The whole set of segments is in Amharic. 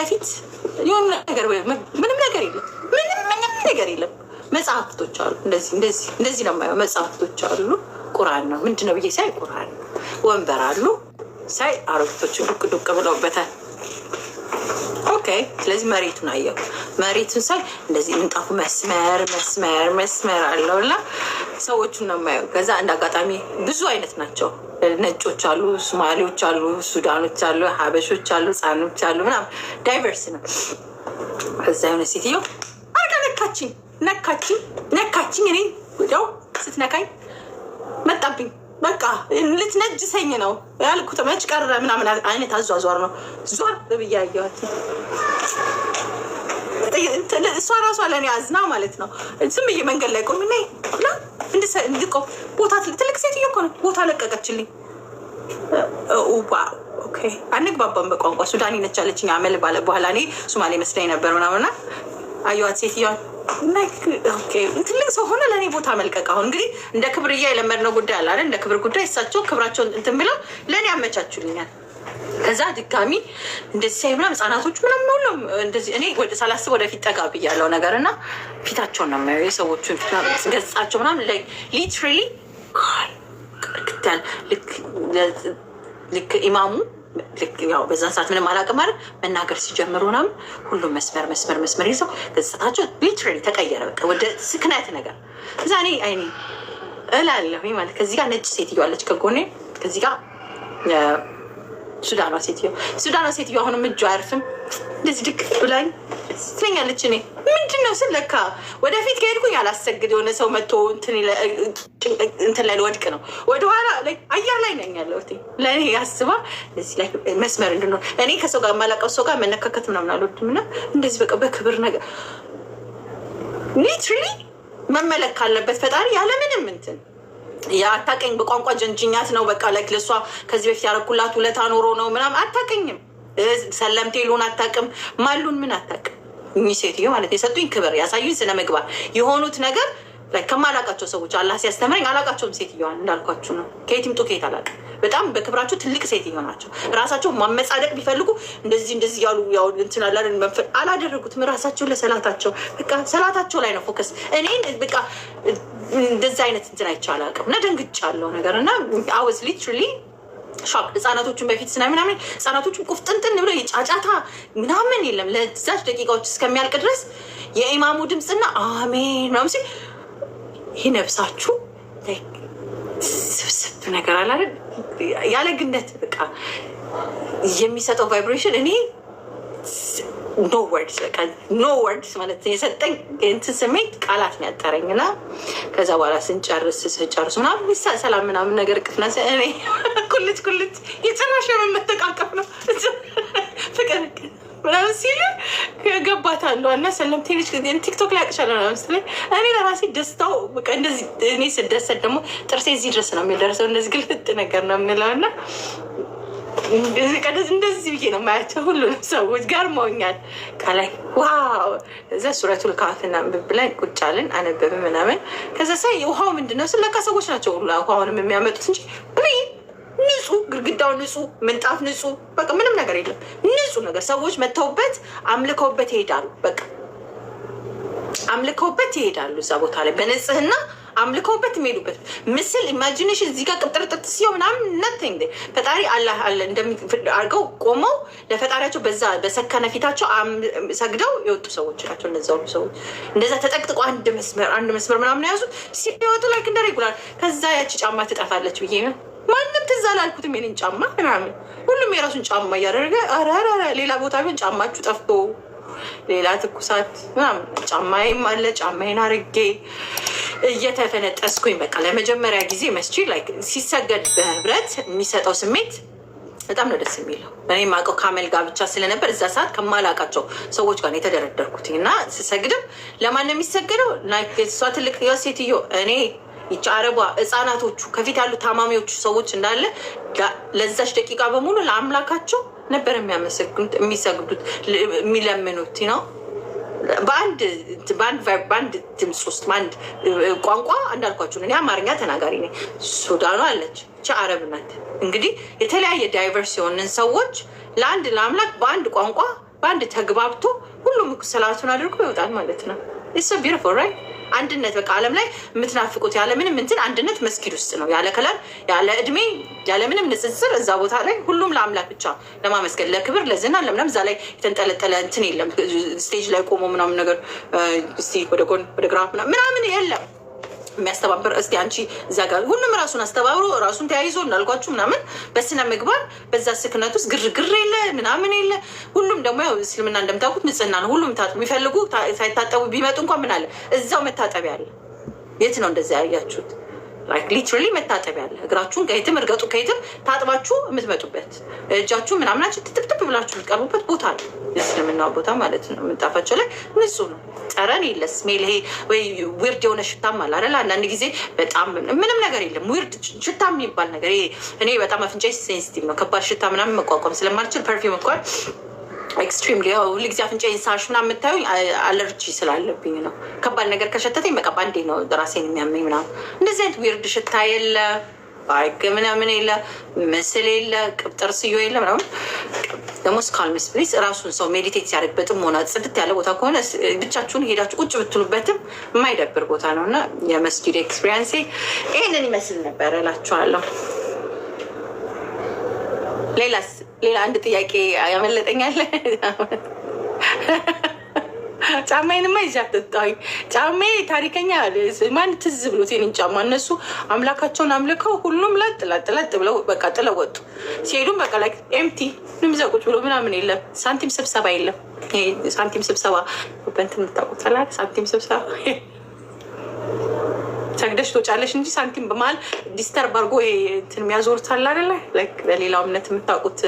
ለፊት የሆነ ነገር ምንም ነገር የለም። ምንም ምንም ነገር የለም። መጽሐፍቶች አሉ። እንደዚህ እንደዚህ እንደዚህ ለማየው መጽሐፍቶች አሉ። ቁርአን ነው ምንድን ነው ብዬ ሳይ ቁርአን ነው። ወንበር አሉ ሳይ አሮቶች ዱቅ ዱቅ ብለውበታል። ኦኬ። ስለዚህ መሬቱን አየው። መሬቱን ሳይ እንደዚህ ምንጣፉ መስመር መስመር መስመር አለውና ሰዎቹን ነው የማየው። ከዛ እንደ አጋጣሚ ብዙ አይነት ናቸው። ነጮች አሉ፣ ሱማሌዎች አሉ፣ ሱዳኖች አሉ፣ ሀበሾች አሉ፣ ህጻኖች አሉ፣ ምናምን ዳይቨርስ ነው። ከዛ የሆነ ሴትዮ አርጋ ነካችኝ፣ ነካችኝ፣ ነካችኝ። እኔ ወዲያው ስትነካኝ መጣብኝ። በቃ ልትነጅሰኝ ነው ያልኩት። መች ቀረ ምናምን አይነት አዟዟር ነው። ዞር ብዬ አየኋት። እሷ ራሷ ለእኔ አዝና ማለት ነው። ዝም ብዬ መንገድ ላይ ቆሜ ቦታ ትልቅ ሴትዮ እኮ ነው። ቦታ ለቀቀችልኝ። አንግባባም በቋንቋ ሱዳኒ ነች አለችኝ። አመል ባለ በኋላ እኔ ሱማሌ መስለኝ ነበር ምናምና አየዋት ሴትዮዋን ትልቅ ሰው ሆነ ለእኔ ቦታ መልቀቅ። አሁን እንግዲህ እንደ ክብር እያ የለመድነው ጉዳይ አለ እንደ ክብር ጉዳይ እሳቸው ክብራቸውን እንትን ብለው ለእኔ አመቻቹልኛል። ከዛ ድጋሚ እንደዚህ ሳይ ምናምን ህጻናቶች ምናምን ሁሉም እንደዚህ እኔ ወደ ሳላስብ ወደፊት ጠጋ ብያለው ነገር እና ፊታቸውን ነው የሚያዩ የሰዎቹን ገጻቸው ምናምን ሊትራሊ ልክ ኢማሙ በዛን ሰዓት ምንም አላውቅም ማለት መናገር ሲጀምሩ ምናምን ሁሉም መስመር መስመር መስመር ይዘው ገጽታቸው ሊትራሊ ተቀየረ። በቃ ወደ ስክነት ነገር እዛ እኔ አይኔ እላለሁ ማለት ከዚህ ጋር ነጭ ሴትዮዋለች ከጎኔ ከዚህ ጋር ሱዳኗ ሴትዮ ሱዳኗ ሴትዮ አሁንም እጁ አያርፍም። እንደዚህ ድክ ብላኝ ትለኛለች። እኔ ምንድን ነው ስል ለካ ወደፊት ከሄድኩኝ አላሰግድ የሆነ ሰው መጥቶ እንትን ላይ ልወድቅ ነው። ወደኋላ አየር ላይ ነኝ ያለሁት ለእኔ ያስባ መስመር እንድኖር እኔ ከሰው ጋር የማላውቀው ሰው ጋር መነካከት ምናምን አልወድም እና እንደዚህ በቃ በክብር ነገር ሊትራሊ መመለክ ካለበት ፈጣሪ ያለምንም እንትን አታቀኝ በቋንቋ ጀንጅኛት ነው። በቃ ላይክ ለእሷ ከዚህ በፊት ያረኩላት ውለታ ኖሮ ነው ምናምን አታቀኝም። ሰለምቴ ሉን አታቅም፣ ማሉን ምን አታቅም። እኚህ ሴትዮ ማለት የሰጡኝ ክብር ያሳዩኝ ስነ ምግባር የሆኑት ነገር ከማላቃቸው ሰዎች አላህ ሲያስተምረኝ አላቃቸውም። ሴትዮዋን እንዳልኳችሁ ነው። ከየት ይምጡ ከየት አላቅም። በጣም በክብራቸው ትልቅ ሴትዮ ናቸው። ራሳቸው ማመጻደቅ ቢፈልጉ እንደዚህ እንደዚህ ያሉ እንትን አላደን መንፈ አላደረጉትም። ራሳቸው ለሰላታቸው በቃ ሰላታቸው ላይ ነው ፎከስ እኔን በቃ እንደዚህ አይነት እንትን አይቻል አቅም እና ደንግጫለሁ ነገር እና አወዝ ሊትራሊ ሻክ ህጻናቶቹን በፊት ስና ምናምን ህጻናቶቹን ቁፍጥንጥን ብለው የጫጫታ ምናምን የለም። ለዛች ደቂቃዎች እስከሚያልቅ ድረስ የኢማሙ ድምፅና አሜን ምናምን ሲል ይህ ነብሳችሁ ስብስብ ነገር አላለ ያለግነት በቃ የሚሰጠው ቫይብሬሽን እኔ ኖ ወርድስ በቃ ኖ ወርድስ ማለት የሰጠኝ እንትን ስሜት ቃላት ነው ያጠረኝ። እና ከዛ በኋላ ስንጨርስ ስጨርስ ምናምን ሰላም ምናምን ነገር ቅፍና እኔ ኩልት ኩልት የጭራሽ የምመተቃቀፍ ነው ፍቅር ምናምን ሲል ገባት አለዋ እና ሰለም ቴኒች ቲክቶክ ላይ ያቅሻለ ምናምን ስትለኝ እኔ ለራሴ ደስታው በቃ እንደዚህ እኔ ስደሰት ደግሞ ጥርሴ እዚህ ድረስ ነው የሚደርሰው እንደዚህ ግልፍጥ ነገር ነው የምንለው እና እንደዚህ ቀደስ እንደዚህ ብዬ ነው የማያቸው ሁሉንም ሰዎች ገርመውኛል። ከላይ ዋው እዛ ሱረቱል ካፍና አንብብ ቁጭ አልን አነበብ ምናምን። ከዛ ሳይ ውሃው ምንድን ነው ስለካ ሰዎች ናቸው ውሃውንም የሚያመጡት እንጂ ንጹህ፣ ግድግዳው ንጹህ፣ ምንጣፍ ንጹህ፣ በቃ ምንም ነገር የለም። ንጹህ ነገር ሰዎች መተውበት አምልከውበት ይሄዳሉ በቃ አምልከውበት ይሄዳሉ። እዛ ቦታ ላይ በንጽህና አምልከውበት የሚሄዱበት ምስል ኢማጂኔሽን እዚህ ጋር ቅጥርጥርት ሲሆን ምናምን ነተኝ ፈጣሪ አላህ አድርገው ቆመው ለፈጣሪያቸው በዛ በሰከነ ፊታቸው ሰግደው የወጡ ሰዎች ናቸው። እነዛ ሁሉ ሰዎች እንደዛ ተጠቅጥቆ አንድ መስመር አንድ መስመር ምናምን የያዙት ሲወጡ ላይክ እንደ ሬጉላር ከዛ ያቺ ጫማ ትጠፋለች ብዬ ነው ማንም ትዝ አላልኩትም የኔን ጫማ ምናምን ሁሉም የራሱን ጫማ እያደረገ ኧረ ኧረ ሌላ ቦታ ቢሆን ጫማችሁ ጠፍቶ ሌላ ትኩሳት ምናምን ጫማዬም አለ። ጫማዬን አርጌ እየተፈነጠስኩኝ በቃ ለመጀመሪያ ጊዜ መስጂድ ሲሰገድ በህብረት የሚሰጠው ስሜት በጣም ነው ደስ የሚለው። እኔ የማውቀው ካሜል ጋር ብቻ ስለነበር እዛ ሰዓት ከማላውቃቸው ሰዎች ጋር የተደረደርኩት እና ስሰግድም ለማን ነው የሚሰግደው? እሷ ትልቅ ሴትዮ እኔ ይቺ አረቧ ህፃናቶቹ ከፊት ያሉ ታማሚዎቹ ሰዎች እንዳለ ለዛች ደቂቃ በሙሉ ለአምላካቸው ነበር የሚያመሰግኑት፣ የሚሰግዱት፣ የሚለምኑት ነው። በአንድ በአንድ ድምፅ ውስጥ በአንድ ቋንቋ እንዳልኳችሁ እኔ አማርኛ ተናጋሪ ነኝ። ሱዳኑ አለች ቻ አረብ ናት። እንግዲህ የተለያየ ዳይቨርስ የሆንን ሰዎች ለአንድ ለአምላክ በአንድ ቋንቋ በአንድ ተግባብቶ ሁሉም ሰላቱን አድርጎ ይወጣል ማለት ነው። ቢረፎ ራይት አንድነት በቃ ዓለም ላይ የምትናፍቁት ያለምንም እንትን አንድነት መስጊድ ውስጥ ነው። ያለ ከለር፣ ያለ እድሜ፣ ያለምንም ንጽጽር እዛ ቦታ ላይ ሁሉም ለአምላክ ብቻ ለማመስገን ለክብር፣ ለዝና፣ ለምናምን እዛ ላይ የተንጠለጠለ እንትን የለም። ስቴጅ ላይ ቆሞ ምናምን ነገር ወደ ጎን ወደ ግራ ምናምን የለም። የሚያስተባብር እስቲ አንቺ እዚያ ጋር ሁሉም ራሱን አስተባብሮ ራሱን ተያይዞ እንዳልኳችሁ ምናምን በስነ ምግባር በዛ ስክነት ውስጥ ግርግር የለ ምናምን የለ። ሁሉም ደግሞ ያው እስልምና እንደምታውቁት ንጽህና ነው። ሁሉም የሚፈልጉ ሳይታጠቡ ቢመጡ እንኳን ምን አለ እዛው መታጠቢያ አለ። የት ነው እንደዚያ ያያችሁት? ሊትራሊ መታጠቢያ አለ። እግራችሁን ከየትም እርገጡ፣ ከየትም ታጥባችሁ የምትመጡበት እጃችሁ ምናምናችሁ ትጥብጥብ ብላችሁ የምትቀርቡበት ቦታ ነው። የእስልምና ቦታ ማለት ነው። ምንጣፋቸው ላይ ንጹህ ነው፣ ጠረን የለ፣ ስሜል ይሄ ወይ ዊርድ የሆነ ሽታም አለ አይደል? አንዳንድ ጊዜ በጣም ምንም ነገር የለም። ዊርድ ሽታ የሚባል ነገር እኔ በጣም አፍንጫ ሴንሲቲቭ ነው። ከባድ ሽታ ምናምን መቋቋም ስለማልችል ፐርፊውም እንኳን ኤክስትሪም ሁሉ ጊዜ አፍንጫ ሳሽ ምናምን የምታዩኝ አለርጂ ስላለብኝ ነው። ከባድ ነገር ከሸተተኝ በቃ ባንዴ ነው ራሴን የሚያመኝ ምናምን። እንደዚህ አይነት ዊርድ ሽታ የለ ባይክ ምናምን የለ ምስል የለ ቅብጥር ስዮ የለ ምናምን። ደግሞ ስካልምስ ፕሊስ ራሱን ሰው ሜዲቴት ሲያደርግበትም ሆነ ጽድት ያለ ቦታ ከሆነ ብቻችሁን ሄዳችሁ ቁጭ ብትሉበትም የማይደብር ቦታ ነው እና የመስጊድ ኤክስፒሪንሴ ይህንን ይመስል ነበር እላችኋለሁ። ሌላስ ሌላ አንድ ጥያቄ ያመለጠኛል። ጫማዬንማ ይዣትጣኝ ጫሜ ታሪከኛ ማን ትዝ ብሎት የኔን ጫማ እነሱ አምላካቸውን አምልከው ሁሉም ለጥ ለጥ ለጥ ብለው በቃ ጥለው ወጡ። ሲሄዱም በቃ ላይ ኤምቲ ምንም ዘቁጭ ብሎ ምናምን የለም። ሳንቲም ስብሰባ የለም። ሳንቲም ስብሰባ በንት የምታውቁት ሳንቲም ስብሰባ ሰግደሽ ትወጫለሽ እንጂ ሳንቲም በመሀል ዲስተርብ አድርጎ እንትን የሚያዞሩት አለ አይደለ? በሌላው እምነት የምታውቁት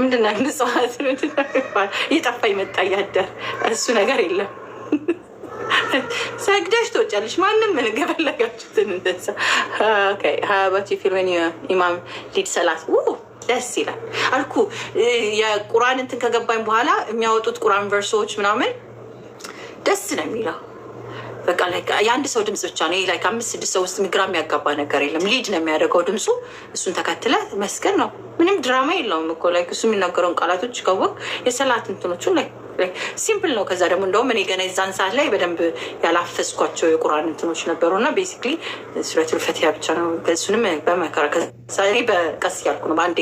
ምንድን ነው? ንጽዋት እየጠፋ ይመጣ እያደር እሱ ነገር የለም። ሰግደሽ ትወጫለሽ። ማንም ምን ገበለጋችሁትን እንደዛ ሀያበት ፊልሜን ኢማም ሊድ ሰላት ደስ ይላል አልኩ። የቁርአን እንትን ከገባኝ በኋላ የሚያወጡት ቁርአን ቨርሶች ምናምን ደስ ነው የሚለው በቃ የአንድ ሰው ድምፅ ብቻ ነው። ላይ ከአምስት ስድስት ሰው ውስጥ ግራ የሚያጋባ ነገር የለም። ሊድ ነው የሚያደርገው ድምፁ። እሱን ተከትለ መስገን ነው። ምንም ድራማ የለውም እኮ ላይ እሱ የሚናገረውን ቃላቶች ከወቅ የሰላት እንትኖቹ ላይ ሲምፕል ነው። ከዛ ደግሞ እንደውም እኔ ገና የዛን ሰዓት ላይ በደንብ ያላፈስኳቸው የቁርአን እንትኖች ነበሩ እና ቤሲክሊ ሱረቱል ፈቲሃ ብቻ ነው። እሱንም በመከራ ከዛ እኔ በቀስ እያልኩ ነው በአንዴ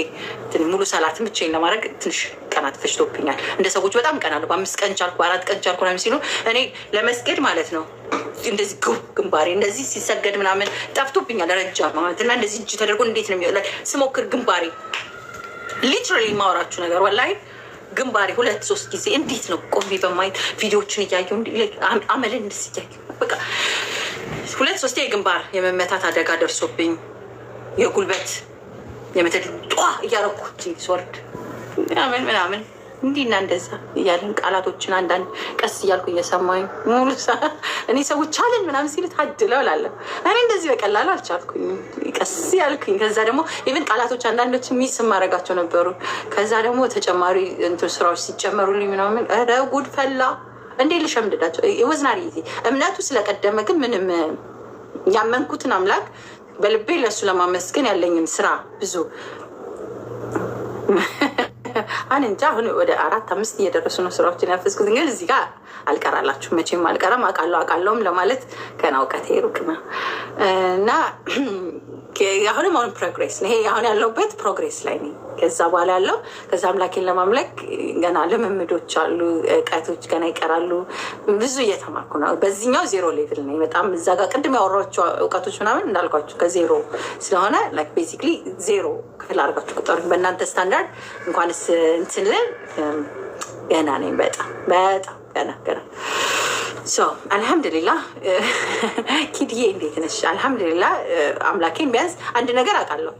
ሙሉ ሰላትን ብቻዬን ለማድረግ ትንሽ ቀናት ፈጅቶብኛል። እንደ ሰዎች በጣም ቀን አሉ። በአምስት ቀን ቻልኩ፣ በአራት ቀን ቻልኩ ነው ሲሉ እኔ ለመስገድ ማለት ነው እንደዚህ ግንባሬ እንደዚህ ሲሰገድ ምናምን ጠፍቶብኛል። ረጃ ማለት እና እንደዚህ እጅ ተደርጎ እንዴት ነው ስሞክር ግንባሬ ሊትራሊ ማወራችሁ ነገር ወላሂ ግንባሬ ሁለት ሶስት ጊዜ እንዴት ነው ቆሜ በማየት ቪዲዮዎችን እያየሁ አመልን እንስ እያየሁ በቃ ሁለት ሶስቴ የግንባር የመመታት አደጋ ደርሶብኝ የጉልበት የመተድ ጧ እያረኩት ሲወርድ ምናምን ምናምን እንዲና እንደዛ እያለን ቃላቶችን አንዳንድ ቀስ እያልኩ እየሰማኝ ሙሉ እኔ ሰዎች አለን ምናምን ሲል ታድለው እላለሁ። እኔ እንደዚህ በቀላሉ አልቻልኩኝ፣ ቀስ ያልኩኝ። ከዛ ደግሞ ኢቨን ቃላቶች አንዳንዶች ሚስ ማድረጋቸው ነበሩ። ከዛ ደግሞ ተጨማሪ ስራዎች ሲጨመሩልኝ ምናምን ኧረ ጉድ ፈላ። እንዴ ልሸምድዳቸው ወዝናሪ ጊዜ እምነቱ ስለቀደመ ግን ምንም ያመንኩትን አምላክ በልቤ ለእሱ ለማመስገን ያለኝን ስራ ብዙ አን እንጃ አሁን ወደ አራት አምስት እየደረሱ ነው ስራዎችን ያፈዝኩት። ግን እዚህ ጋር አልቀራላችሁ መቼም አልቀረም። አቃለው አቃለውም ለማለት ገና እውቀቴ ሩቅ ነው እና አሁንም አሁን ፕሮግሬስ ይሄ አሁን ያለውበት ፕሮግሬስ ላይ ነኝ። ከዛ በኋላ ያለው ከዛ አምላኬን ለማምለክ ገና ልምምዶች አሉ፣ ቀቶች ገና ይቀራሉ። ብዙ እየተማርኩ ነው። በዚህኛው ዜሮ ሌቭል ነኝ። በጣም እዛ ጋር ቅድም ያወራቸው እውቀቶች ምናምን እንዳልኳቸው ከዜሮ ስለሆነ ቤዚክሊ ዜሮ ክፍል አድርጋችሁ ቁጠሩ። በእናንተ ስታንዳርድ እንኳንስ እንትን ልል ገና ነኝ። በጣም በጣም ገና ገና አልሐምዱሊላ eh, ኪድዬ እንዴት ነሽ? አልሐምዱሊላ eh, አምላኬን ቢያንስ አንድ ነገር አውቃለሁ።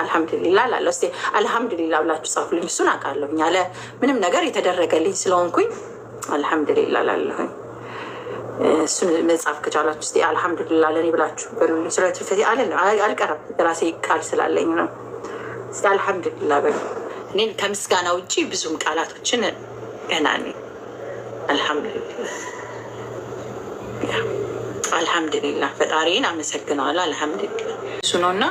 አልሐምዱሊላ ላለው ስ አልሐምዱሊላ ብላችሁ ጻፉልኝ። እሱን አውቃለሁ ያለ ምንም ነገር የተደረገልኝ ስለሆንኩኝ አልሐምዱሊላ ላለሁኝ eh, እሱን መጽሐፍ ከቻላችሁ ስ አልሐምዱሊላ ለእኔ ብላችሁ በሉልኝ። ስለትፈቴ አልቀረም ራሴ ቃል ስላለኝ ነው። ስ አልሐምዱሊላ በሉ። እኔን ከምስጋና ውጭ ብዙም ቃላቶችን ገና ነኝ። አልሐምዱሊላ አልሐምድሊላህ ፈጣሪን አመሰግነዋለሁ። አልሐምድሊላህ እሱ ነው እና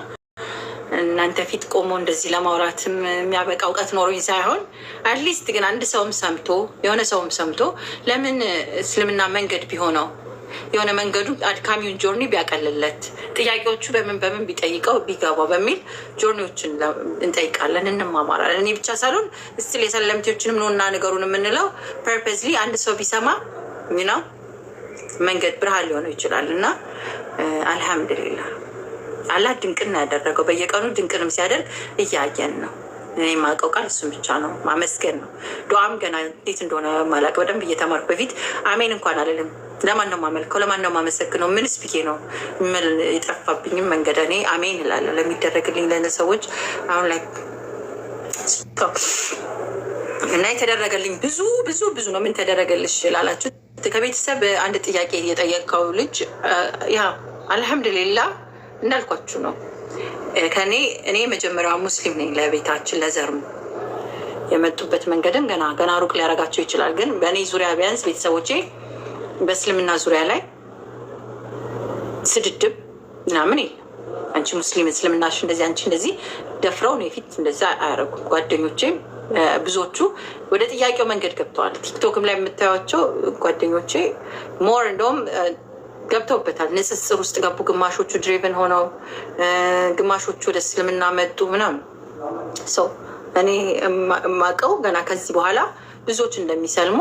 እናንተ ፊት ቆሞ እንደዚህ ለማውራትም የሚያበቃ እውቀት ኖሮኝ ሳይሆን አትሊስት ግን አንድ ሰውም ሰምቶ የሆነ ሰውም ሰምቶ ለምን እስልምና መንገድ ቢሆነው የሆነ መንገዱ አድካሚውን ጆርኒ ቢያቀልለት ጥያቄዎቹ በምን በምን ቢጠይቀው ቢገባው በሚል ጆርኒዎችን እንጠይቃለን፣ እንማማራለን። እኔ ብቻ ሳልሆን ስል የሰለምቴዎችንም ኖና ነገሩን የምንለው ፐርፐዝሊ አንድ ሰው ቢሰማ ነው መንገድ ብርሃን ሊሆነው ይችላል እና አልሐምድሊላ አላህ ድንቅን ያደረገው በየቀኑ ድንቅንም ሲያደርግ እያየን ነው። እኔ የማውቀው ቃል እሱን ብቻ ነው፣ ማመስገን ነው። ዱዓም ገና እንዴት እንደሆነ ማላቅ በደንብ እየተማርኩ በፊት አሜን እንኳን አልልም። ለማን ነው ማመልከው? ለማን ነው ማመሰግነው? ምንስ ብዬ ነው የጠፋብኝም መንገድ እኔ አሜን እላለሁ ለሚደረግልኝ ሰዎች አሁን ላይ እና የተደረገልኝ ብዙ ብዙ ብዙ ነው። ምን ተደረገልሽ ላላችሁ ከቤተሰብ አንድ ጥያቄ የጠየቀው ልጅ ያ አልሐምድሌላ እንዳልኳችሁ ነው። ከኔ እኔ መጀመሪያ ሙስሊም ነኝ። ለቤታችን ለዘርም የመጡበት መንገድም ገና ገና ሩቅ ሊያደርጋቸው ይችላል። ግን በእኔ ዙሪያ ቢያንስ ቤተሰቦቼ በእስልምና ዙሪያ ላይ ስድድብ ምናምን የለም። አንቺ ሙስሊም እስልምናሽ እንደዚህ አንቺ እንደዚህ ደፍረው ነው የፊት እንደዚ አያደርጉም ጓደኞቼም ብዙዎቹ ወደ ጥያቄው መንገድ ገብተዋል። ቲክቶክም ላይ የምታዩቸው ጓደኞቼ ሞር እንደውም ገብተውበታል። ንጽጽር ውስጥ ገቡ። ግማሾቹ ድሬቨን ሆነው፣ ግማሾቹ ወደ እስልምና መጡ ምናምን ሰው እኔ የማውቀው ገና ከዚህ በኋላ ብዙዎች እንደሚሰልሙ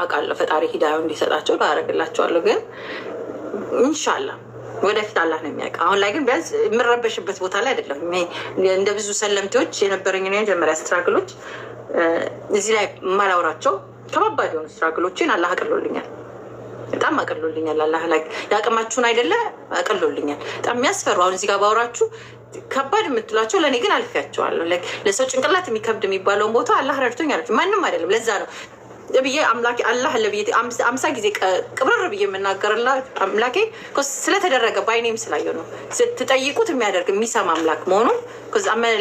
አውቃለሁ። ፈጣሪ ሂዳዩ እንዲሰጣቸው ላደርግላቸዋለሁ። ግን ኢንሻላህ ወደፊት አላህ ነው የሚያውቅ። አሁን ላይ ግን ቢያንስ የምረበሽበት ቦታ ላይ አይደለም። እንደ ብዙ ሰለምቴዎች የነበረኝ የመጀመሪያ ስትራግሎች እዚህ ላይ የማላውራቸው ከባባድ የሆኑ ስትራግሎችን አላህ አቅሎልኛል፣ በጣም አቅሎልኛል። አላህ ላይ የአቅማችሁን አይደለ አቅሎልኛል። በጣም የሚያስፈሩ አሁን እዚህ ጋር ባውራችሁ ከባድ የምትሏቸው ለእኔ ግን አልፌያቸዋለሁ። ለሰው ጭንቅላት የሚከብድ የሚባለውን ቦታ አላህ ረድቶኛል። ማንም አይደለም። ለዛ ነው ብዬ አምላኬ አላህ ለብዬ አምሳ ጊዜ ቅብርር ብዬ የምናገርላ አምላኬ ስለተደረገ ባይኔም ስላየ ነው። ስትጠይቁት የሚያደርግ የሚሰማ አምላክ መሆኑ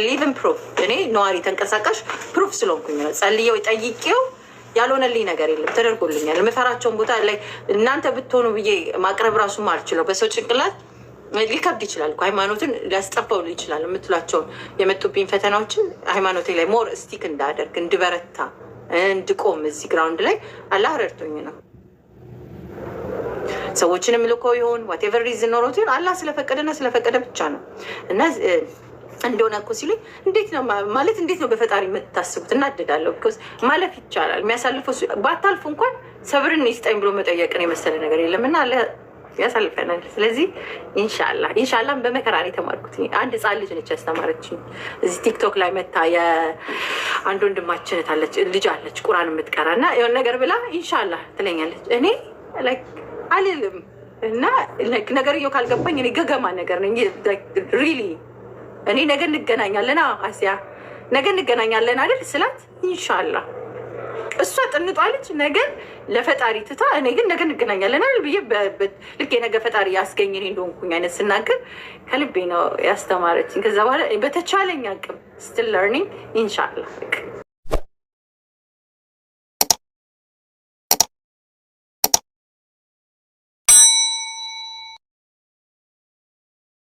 ሊቭን ፕሩፍ እኔ ነዋሪ ተንቀሳቃሽ ፕሩፍ ስለሆንኩኝ ነው። ጸልየው ጠይቄው ያልሆነልኝ ነገር የለም፣ ተደርጎልኛል። የምፈራቸውን ቦታ ላይ እናንተ ብትሆኑ ብዬ ማቅረብ ራሱ አልችለው። በሰው ጭንቅላት ሊከብድ ይችላል። ሃይማኖትን ሊያስጠባው ይችላል። የምትሏቸውን የመጡብኝ ፈተናዎችን ሃይማኖቴ ላይ ሞር ስቲክ እንዳደርግ እንድበረታ እንድቆም እዚህ ግራውንድ ላይ አላህ ረድቶኝ ነው። ሰዎችንም ልኮ ይሆን ዋቴቨር ሪዝን ኖሮት ይሆን አላህ ስለፈቀደና ስለፈቀደ ብቻ ነው እና እንደሆነ እኮ ሲሉኝ እንዴት ነው ማለት እንዴት ነው በፈጣሪ የምታስቡት? እናደዳለሁ። ማለፍ ይቻላል። የሚያሳልፈው ባታልፉ እንኳን ሰብርን ይስጠኝ ብሎ መጠየቅን የመሰለ ነገር የለም እና ያሳልፈናል። ስለዚህ ኢንሻላ ኢንሻላ በመከራ ነው የተማርኩት። አንድ ህፃን ልጅ ነች ያስተማረች። እዚህ ቲክቶክ ላይ መታ የአንድ ወንድማችን ታለች ልጅ አለች ቁራን የምትቀራ እና የሆነ ነገር ብላ ኢንሻላ ትለኛለች። እኔ አልልም እና ነገርየው ካልገባኝ እኔ ገገማ ነገር ነኝ። ሪሊ እኔ ነገ እንገናኛለን አሲያ ነገ እንገናኛለን አይደል ስላት ኢንሻላ እሷ ጥንጧለች። ነገን ለፈጣሪ ትታ እኔ ግን ነገ እንገናኛለን ብዬ ልክ የነገ ፈጣሪ ያስገኝ እኔ እንደሆንኩኝ አይነት ስናገር ከልቤ ነው ያስተማረችኝ። ከዛ በኋላ በተቻለኝ አቅም ለርኒንግ ኢንሻላህ